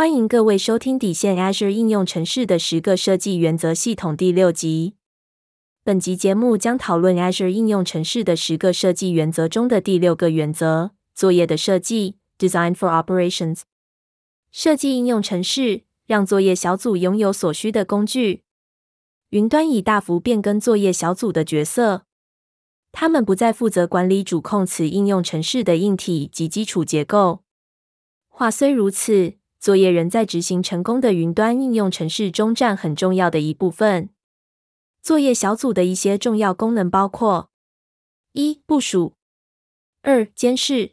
歡迎各位收聽《底線 Azure 應用程式的十個設計原則》系統第六集。本集節目將討論 Azure 應用程式的十個設計原則中的第六個原則：作業的設計 （Design for Operations）。設計應用程式，讓作業小組擁有所需的工具。雲端已大幅變更作業小組的角色，他們不再負責管理主控此應用程式的硬體及基礎結構。話雖如此。作業仍在執行成功的雲端應用程式中占很重要的一部分。作業小組的一些重要功能包括：一、部署；二、監視；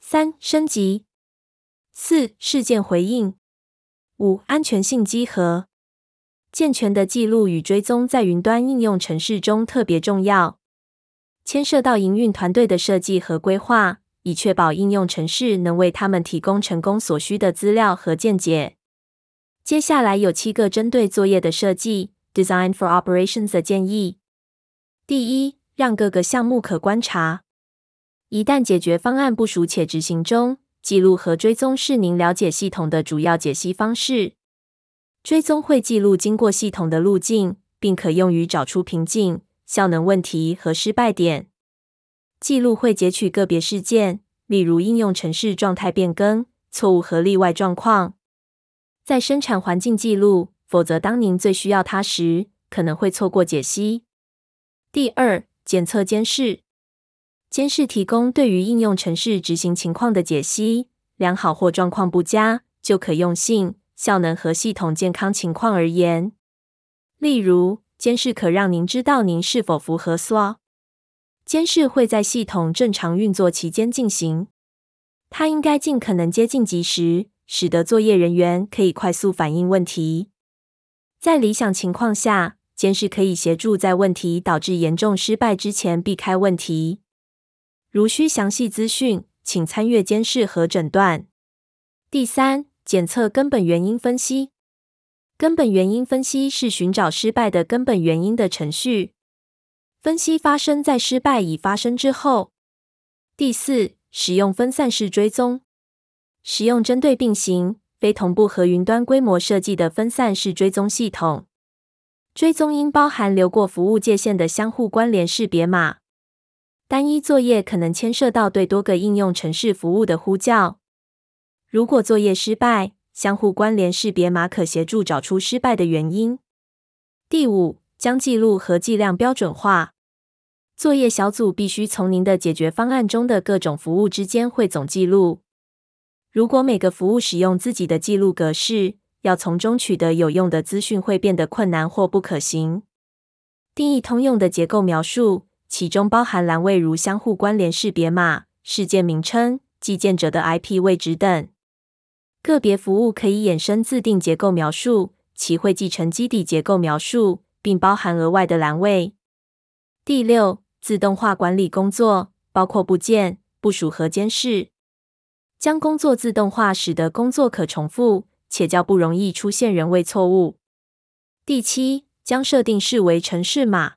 三、升級；四、事件回應；五、安全性稽核。健全的記錄與追蹤在雲端應用程式中特別重要，牽涉到營運團隊的設計和規劃，以確保應用程式能為他們提供成功所需的資料和見解。接下來有七個針對作業的設計 （design for operations） 的建議。第一，讓各個項目可觀察。一旦解決方案部署且執行中，記錄和追蹤是您了解系統的主要解析方式。追蹤會記錄經過系統的路徑，並可用於找出瓶頸、效能問題和失敗點。記錄會截取個別事件，例如應用程式狀態變更、錯誤和例外狀況，在生產環境記錄，否則當您最需要它時，可能會錯過解析。第二，檢測監視，監視提供對於應用程式執行情況的解析，良好或狀況不佳，就可用性、效能和系統健康情況而言。例如，監視可讓您知道您是否符合 SLA。監視會在系統正常運作期間進行，它應該儘可能接近及時，使得作業人員可以快速反應問題。在理想情況下，監視可以協助在問題導致嚴重失敗之前避開問題。如需詳細資訊，請參閱監視和診斷。第三，檢測根本原因分析。根本原因分析是尋找失敗的根本原因的程序。分析發生在失敗已發生之後。第四，使用分散式追蹤，使用針對並行、非同步和雲端規模設計的分散式追蹤系統。追蹤應包含流過服務界限的相互關聯識別碼。單一作業可能牽涉到對多個應用程式服務的呼叫。如果作業失敗，相互關聯識別碼可協助找出失敗的原因。第五，將記錄和計量標準化。作業小組必須從您的解決方案中的各種服務之間匯總記錄。如果每個服務使用自己的記錄格式，要從中取得有用的資訊會變得困難或不可行。定義通用的結構描述，其中包含欄位如相互關聯識別碼、事件名稱、寄件者的 IP 位置等。個別服務可以衍生自定結構描述，其會繼承基底結構描述，並包含額外的欄位。第六。自動化管理工作，包括部件部署和監視。將工作自動化，使得工作可重複且較不容易出現人為錯誤。第七，將設定視為程式碼。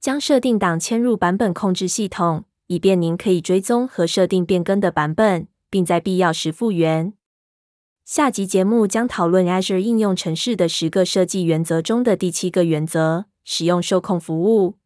將設定檔遷入版本控制系統，以便您可以追蹤和設定變更的版本，並在必要時復原。下集節目將討論 Azure 應用程式的十個設計原則中的第七個原則：使用受控服務。